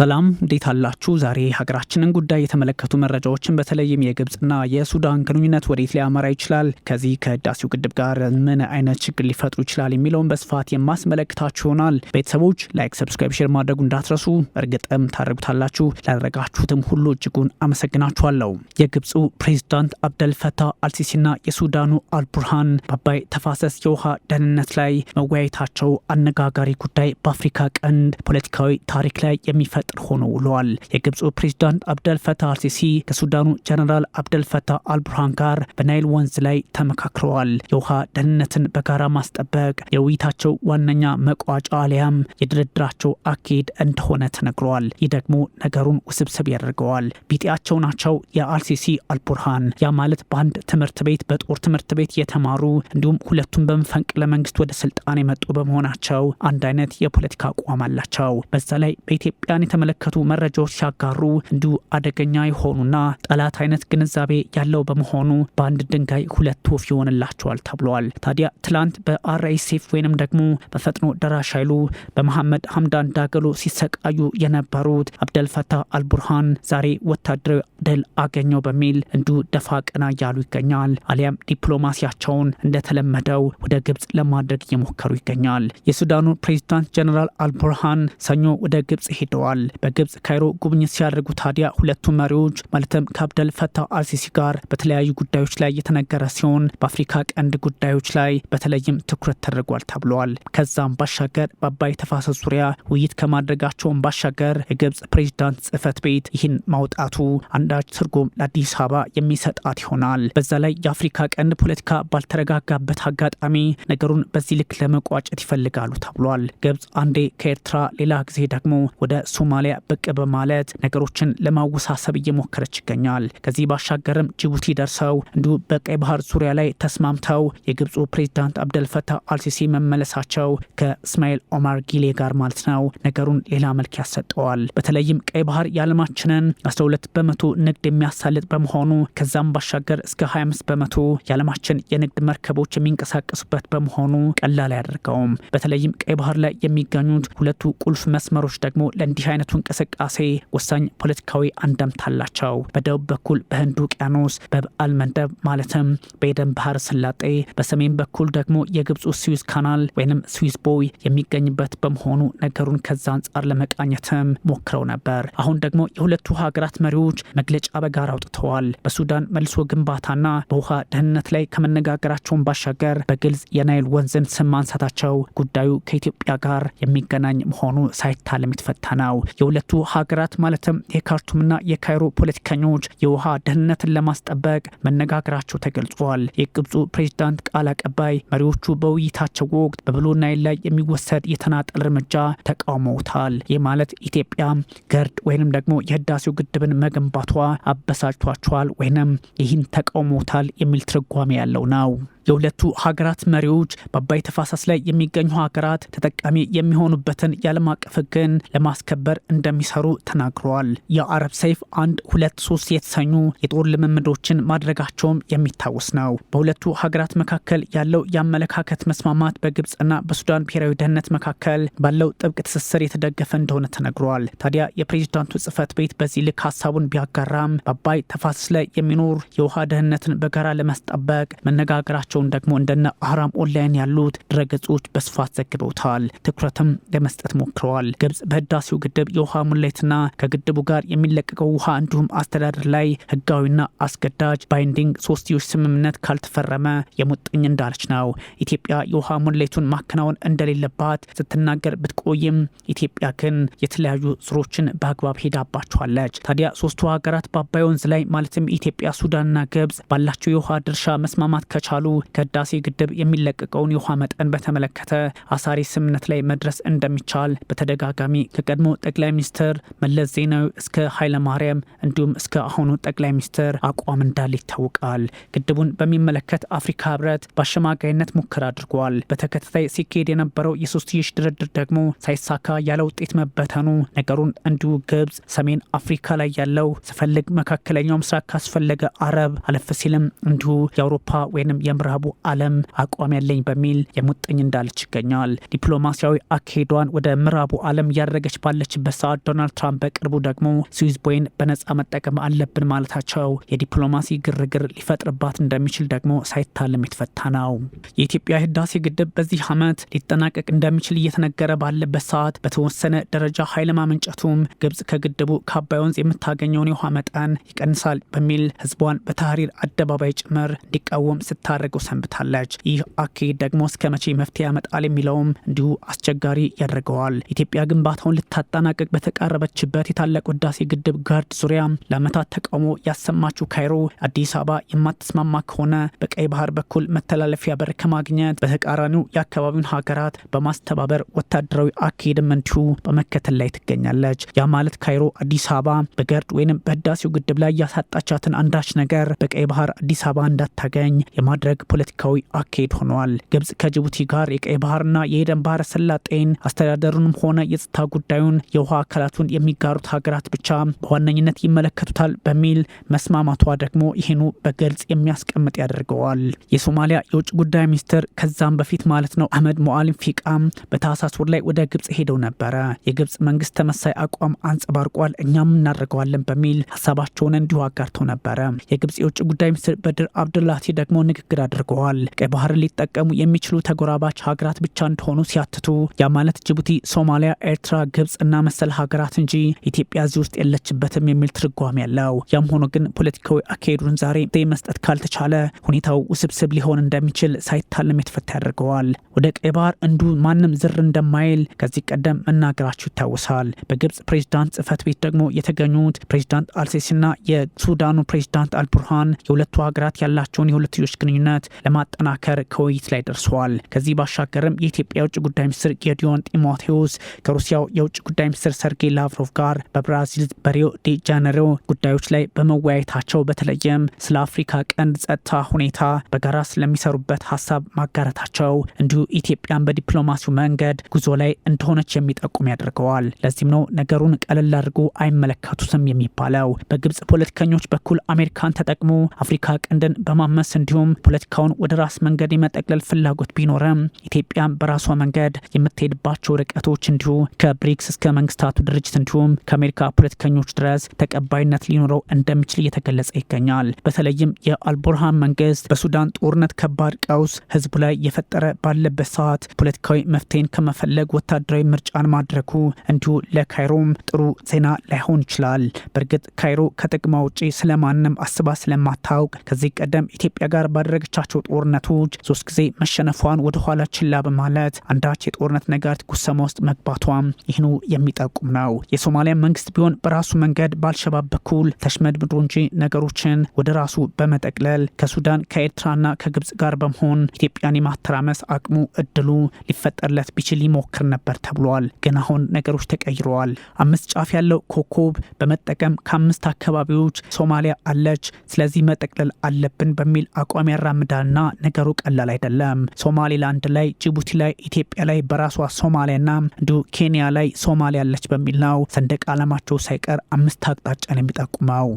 ሰላም እንዴት አላችሁ? ዛሬ ሀገራችንን ጉዳይ የተመለከቱ መረጃዎችን በተለይም የግብፅና የሱዳን ግንኙነት ወዴት ሊያመራ ይችላል፣ ከዚህ ከህዳሴው ግድብ ጋር ምን አይነት ችግር ሊፈጥሩ ይችላል የሚለውን በስፋት የማስመለክታችሁ ይሆናል። ቤተሰቦች ላይክ፣ ሰብስክራይብ፣ ሼር ማድረጉ እንዳትረሱ። እርግጥም ታደርጉታላችሁ። ላደረጋችሁትም ሁሉ እጅጉን አመሰግናችኋለሁ። የግብፁ ፕሬዚዳንት አብደልፈታህ አልሲሲና የሱዳኑ አልቡርሃን በአባይ ተፋሰስ የውሃ ደህንነት ላይ መወያየታቸው አነጋጋሪ ጉዳይ በአፍሪካ ቀንድ ፖለቲካዊ ታሪክ ላይ የሚፈ ጥር ሆኖ ውለዋል። የግብፁ ፕሬዚዳንት ፈታህ አልሲሲ ከሱዳኑ ጀነራል አብደልፈታህ አልቡርሃን ጋር በናይል ወንዝ ላይ ተመካክረዋል። የውሃ ደህንነትን በጋራ ማስጠበቅ የውይይታቸው ዋነኛ መቋጫ አሊያም የድርድራቸው አካሄድ እንደሆነ ተነግሯል። ይህ ደግሞ ነገሩን ውስብስብ ያደርገዋል። ቢጤያቸው ናቸው የአልሲሲ አልቡርሃን። ያ ማለት በአንድ ትምህርት ቤት በጦር ትምህርት ቤት የተማሩ እንዲሁም ሁለቱም በመፈንቅለ መንግስት ወደ ስልጣን የመጡ በመሆናቸው አንድ አይነት የፖለቲካ አቋም አላቸው። በዛ ላይ በኢትዮጵያን የተመለከቱ መረጃዎች ሲያጋሩ እንዲሁ አደገኛ የሆኑና ጠላት አይነት ግንዛቤ ያለው በመሆኑ በአንድ ድንጋይ ሁለት ወፍ ይሆንላቸዋል ተብለዋል። ታዲያ ትላንት በአርኤስኤፍ ወይንም ደግሞ በፈጥኖ ደራሽ ኃይሉ በመሐመድ ሀምዳን ዳገሎ ሲሰቃዩ የነበሩት አብደልፈታህ አልቡርሃን ዛሬ ወታደራዊ ድል አገኘው በሚል እንዲሁ ደፋ ቀና እያሉ ይገኛል። አሊያም ዲፕሎማሲያቸውን እንደተለመደው ወደ ግብፅ ለማድረግ እየሞከሩ ይገኛል። የሱዳኑ ፕሬዚዳንት ጀኔራል አልቡርሃን ሰኞ ወደ ግብፅ ሄደዋል። ተናግረዋል። በግብጽ ካይሮ ጉብኝት ሲያደርጉ ታዲያ ሁለቱ መሪዎች ማለትም ከአብደል ፈታህ አልሲሲ ጋር በተለያዩ ጉዳዮች ላይ የተነገረ ሲሆን በአፍሪካ ቀንድ ጉዳዮች ላይ በተለይም ትኩረት ተደርጓል ተብሏል። ከዛም ባሻገር በአባይ ተፋሰስ ዙሪያ ውይይት ከማድረጋቸውን ባሻገር የግብጽ ፕሬዚዳንት ጽህፈት ቤት ይህን ማውጣቱ አንዳች ትርጉም ለአዲስ አበባ የሚሰጣት ይሆናል። በዛ ላይ የአፍሪካ ቀንድ ፖለቲካ ባልተረጋጋበት አጋጣሚ ነገሩን በዚህ ልክ ለመቋጨት ይፈልጋሉ ተብሏል። ግብጽ አንዴ ከኤርትራ ሌላ ጊዜ ደግሞ ወደ ሶማ ሶማሊያ ብቅ በማለት ነገሮችን ለማወሳሰብ እየሞከረች ይገኛል። ከዚህ ባሻገርም ጅቡቲ ደርሰው እንዲሁ በቀይ ባህር ዙሪያ ላይ ተስማምተው የግብፁ ፕሬዚዳንት አብደልፈታህ አልሲሲ መመለሳቸው ከእስማኤል ኦማር ጊሌ ጋር ማለት ነው ነገሩን ሌላ መልክ ያሰጠዋል። በተለይም ቀይ ባህር የዓለማችንን 12 በመቶ ንግድ የሚያሳልጥ በመሆኑ ከዛም ባሻገር እስከ 25 በመቶ የዓለማችን የንግድ መርከቦች የሚንቀሳቀሱበት በመሆኑ ቀላል አያደርገውም። በተለይም ቀይ ባህር ላይ የሚገኙት ሁለቱ ቁልፍ መስመሮች ደግሞ ለእንዲህ አይነቱ እንቅስቃሴ ወሳኝ ፖለቲካዊ አንደምታ አላቸው። በደቡብ በኩል በህንዱ ውቅያኖስ በበዓል መንደብ ማለትም በኤደን ባህር ስላጤ፣ በሰሜን በኩል ደግሞ የግብፁ ስዊዝ ካናል ወይም ስዊዝ ቦይ የሚገኝበት በመሆኑ ነገሩን ከዛ አንጻር ለመቃኘትም ሞክረው ነበር። አሁን ደግሞ የሁለቱ ሀገራት መሪዎች መግለጫ በጋራ አውጥተዋል። በሱዳን መልሶ ግንባታና በውሃ ደህንነት ላይ ከመነጋገራቸውን ባሻገር በግልጽ የናይል ወንዝን ስም ማንሳታቸው ጉዳዩ ከኢትዮጵያ ጋር የሚገናኝ መሆኑ ሳይታለም የተፈታ ነው። የሁለቱ ሀገራት ማለትም የካርቱምና የካይሮ ፖለቲከኞች የውሃ ደህንነትን ለማስጠበቅ መነጋገራቸው ተገልጿል። የግብፁ ፕሬዚዳንት ቃል አቀባይ መሪዎቹ በውይይታቸው ወቅት በብሉ ናይል ላይ የሚወሰድ የተናጠል እርምጃ ተቃውመውታል። ይህ ማለት ኢትዮጵያ ገርድ ወይንም ደግሞ የህዳሴው ግድብን መገንባቷ አበሳጭቷቸዋል ወይንም ይህን ተቃውመውታል የሚል ትርጓሜ ያለው ነው። የሁለቱ ሀገራት መሪዎች በአባይ ተፋሳስ ላይ የሚገኙ ሀገራት ተጠቃሚ የሚሆኑበትን የዓለም አቀፍ ሕግን ለማስከበር እንደሚሰሩ ተናግረዋል። የአረብ ሰይፍ አንድ ሁለት ሶስት የተሰኙ የጦር ልምምዶችን ማድረጋቸውም የሚታወስ ነው። በሁለቱ ሀገራት መካከል ያለው የአመለካከት መስማማት በግብፅና በሱዳን ብሔራዊ ደህንነት መካከል ባለው ጥብቅ ትስስር የተደገፈ እንደሆነ ተነግሯል። ታዲያ የፕሬዚዳንቱ ጽህፈት ቤት በዚህ ልክ ሀሳቡን ቢያጋራም በአባይ ተፋሰስ ላይ የሚኖር የውሃ ደህንነትን በጋራ ለመስጠበቅ መነጋገራቸው መሆናቸውን ደግሞ እንደነ አህራም ኦንላይን ያሉት ድረገጾች በስፋት ዘግበውታል። ትኩረትም ለመስጠት ሞክረዋል። ግብጽ በህዳሴው ግድብ የውሃ ሙሌትና ከግድቡ ጋር የሚለቀቀው ውሃ እንዲሁም አስተዳደር ላይ ህጋዊና አስገዳጅ ባይንዲንግ ሶስትዮሽ ስምምነት ካልተፈረመ የሙጥኝ እንዳለች ነው። ኢትዮጵያ የውሃ ሙሌቱን ማከናወን እንደሌለባት ስትናገር ብትቆይም ኢትዮጵያ ግን የተለያዩ ስሮችን በአግባብ ሄዳባቸዋለች። ታዲያ ሶስቱ ሀገራት በአባይ ወንዝ ላይ ማለትም ኢትዮጵያ፣ ሱዳንና ግብጽ ባላቸው የውሃ ድርሻ መስማማት ከቻሉ ከህዳሴ ግድብ የሚለቀቀውን የውሃ መጠን በተመለከተ አሳሪ ስምምነት ላይ መድረስ እንደሚቻል በተደጋጋሚ ከቀድሞ ጠቅላይ ሚኒስትር መለስ ዜናዊ እስከ ኃይለማርያም እንዲሁም እስከ አሁኑ ጠቅላይ ሚኒስትር አቋም እንዳለ ይታወቃል። ግድቡን በሚመለከት አፍሪካ ህብረት በአሸማጋይነት ሙከራ አድርጓል። በተከታታይ ሲካሄድ የነበረው የሶስትዮሽ ድርድር ደግሞ ሳይሳካ ያለ ውጤት መበተኑ ነገሩን እንዲሁ ግብጽ፣ ሰሜን አፍሪካ ላይ ያለው ስፈልግ መካከለኛው ምስራቅ ካስፈለገ አረብ አለፍ ሲልም እንዲሁ የአውሮፓ ወይንም የምራ የምዕራቡ ዓለም አቋም ያለኝ በሚል የሙጥኝ እንዳለች ይገኛል። ዲፕሎማሲያዊ አካሄዷን ወደ ምዕራቡ ዓለም እያደረገች ባለችበት ሰዓት ዶናልድ ትራምፕ በቅርቡ ደግሞ ስዊዝ ቦይን በነጻ መጠቀም አለብን ማለታቸው የዲፕሎማሲ ግርግር ሊፈጥርባት እንደሚችል ደግሞ ሳይታለም የተፈታ ነው። የኢትዮጵያ ህዳሴ ግድብ በዚህ ዓመት ሊጠናቀቅ እንደሚችል እየተነገረ ባለበት ሰዓት በተወሰነ ደረጃ ኃይል ማመንጨቱም ግብጽ ከግድቡ ከአባይ ወንዝ የምታገኘውን የውሃ መጠን ይቀንሳል በሚል ህዝቧን በታህሪር አደባባይ ጭምር እንዲቃወም ስታደርገው ሰንብታለች። ይህ አካሄድ ደግሞ እስከ መቼ መፍትሄ ያመጣል የሚለውም እንዲሁ አስቸጋሪ ያደርገዋል። ኢትዮጵያ ግንባታውን ልታጠናቀቅ በተቃረበችበት የታላቁ ህዳሴ ግድብ ጋርድ ዙሪያ ለአመታት ተቃውሞ ያሰማችው ካይሮ አዲስ አበባ የማትስማማ ከሆነ በቀይ ባህር በኩል መተላለፊያ በር ከማግኘት በተቃራኒው የአካባቢውን ሀገራት በማስተባበር ወታደራዊ አካሄድም እንዲሁ በመከተል ላይ ትገኛለች። ያ ማለት ካይሮ አዲስ አበባ በገርድ ወይም በህዳሴው ግድብ ላይ ያሳጣቻትን አንዳች ነገር በቀይ ባህር አዲስ አበባ እንዳታገኝ የማድረግ ፖለቲካዊ አካሄድ ሆነዋል። ግብጽ ከጅቡቲ ጋር የቀይ ባህርና የኤደን ባህረ ሰላጤን አስተዳደሩንም ሆነ የጸጥታ ጉዳዩን የውሃ አካላቱን የሚጋሩት ሀገራት ብቻ በዋነኝነት ይመለከቱታል በሚል መስማማቷ ደግሞ ይህኑ በግልጽ የሚያስቀምጥ ያደርገዋል። የሶማሊያ የውጭ ጉዳይ ሚኒስትር ከዛም በፊት ማለት ነው አህመድ ሞአሊም ፊቃም በታህሳስ ወር ላይ ወደ ግብጽ ሄደው ነበረ። የግብጽ መንግስት ተመሳይ አቋም አንጸባርቋል፣ እኛም እናደርገዋለን በሚል ሀሳባቸውን እንዲሁ አጋርተው ነበረ። የግብጽ የውጭ ጉዳይ ሚኒስትር በድር አብድላቲ ደግሞ ንግግር አድርገዋል። አድርገዋል። ቀይ ባህርን ሊጠቀሙ የሚችሉ ተጎራባች ሀገራት ብቻ እንደሆኑ ሲያትቱ ያ ማለት ጅቡቲ፣ ሶማሊያ፣ ኤርትራ፣ ግብጽ እና መሰል ሀገራት እንጂ ኢትዮጵያ እዚህ ውስጥ የለችበትም የሚል ትርጓሜ ያለው። ያም ሆኖ ግን ፖለቲካዊ አካሄዱን ዛሬ መስጠት ካልተቻለ ሁኔታው ውስብስብ ሊሆን እንደሚችል ሳይታለም የተፈታ ያደርገዋል። ወደ ቀይ ባህር እንዱ ማንም ዝር እንደማይል ከዚህ ቀደም መናገራቸው ይታወሳል። በግብጽ ፕሬዚዳንት ጽህፈት ቤት ደግሞ የተገኙት ፕሬዚዳንት አልሲሲና የሱዳኑ ፕሬዚዳንት አልቡርሃን የሁለቱ ሀገራት ያላቸውን የሁለትዮሽ ግንኙነት ለማጠናከር ከውይይት ላይ ደርሰዋል። ከዚህ ባሻገርም የኢትዮጵያ የውጭ ጉዳይ ሚኒስትር ጌዲዮን ጢሞቴዎስ ከሩሲያው የውጭ ጉዳይ ሚኒስትር ሰርጌይ ላቭሮቭ ጋር በብራዚል በሪዮ ዴ ጃነሮ ጉዳዮች ላይ በመወያየታቸው በተለይም ስለ አፍሪካ ቀንድ ጸጥታ ሁኔታ በጋራ ስለሚሰሩበት ሀሳብ ማጋረታቸው እንዲሁ ኢትዮጵያን በዲፕሎማሲው መንገድ ጉዞ ላይ እንደሆነች የሚጠቁም ያደርገዋል። ለዚህም ነው ነገሩን ቀለል አድርጎ አይመለከቱትም የሚባለው። በግብጽ ፖለቲከኞች በኩል አሜሪካን ተጠቅሞ አፍሪካ ቀንድን በማመስ እንዲሁም ፖለቲካ ፖለቲካውን ወደ ራስ መንገድ የመጠቅለል ፍላጎት ቢኖረም ኢትዮጵያ በራሷ መንገድ የምትሄድባቸው ርቀቶች እንዲሁ ከብሪክስ እስከ መንግስታቱ ድርጅት እንዲሁም ከአሜሪካ ፖለቲከኞች ድረስ ተቀባይነት ሊኖረው እንደሚችል እየተገለጸ ይገኛል። በተለይም የአልቡርሃን መንግስት በሱዳን ጦርነት ከባድ ቀውስ ህዝቡ ላይ የፈጠረ ባለበት ሰዓት ፖለቲካዊ መፍትሄን ከመፈለግ ወታደራዊ ምርጫን ማድረጉ እንዲሁ ለካይሮም ጥሩ ዜና ላይሆን ይችላል። በእርግጥ ካይሮ ከጥቅማ ውጪ ስለማንም አስባ ስለማታውቅ ከዚህ ቀደም ኢትዮጵያ ጋር ባደረገች በከፈተቻቸው ጦርነቶች ሶስት ጊዜ መሸነፏን ወደኋላ ችላ በማለት አንዳች የጦርነት ነጋሪት ጉሰማ ውስጥ መግባቷም ይህኑ የሚጠቁም ነው። የሶማሊያ መንግስት ቢሆን በራሱ መንገድ በአልሸባብ በኩል ተሽመድምዶ እንጂ ነገሮችን ወደ ራሱ በመጠቅለል ከሱዳን ከኤርትራና ከግብጽ ጋር በመሆን ኢትዮጵያን የማተራመስ አቅሙ እድሉ ሊፈጠርለት ቢችል ይሞክር ነበር ተብሏል። ግን አሁን ነገሮች ተቀይረዋል። አምስት ጫፍ ያለው ኮከብ በመጠቀም ከአምስት አካባቢዎች ሶማሊያ አለች፣ ስለዚህ መጠቅለል አለብን በሚል አቋም ያራምድ ና ነገሩ ቀላል አይደለም። ሶማሌላንድ ላይ፣ ጅቡቲ ላይ፣ ኢትዮጵያ ላይ፣ በራሷ ሶማሊያና እንዲሁ ኬንያ ላይ ሶማሊያ አለች በሚል ነው ሰንደቅ ዓላማቸው ሳይቀር አምስት አቅጣጫን የሚጠቁመው።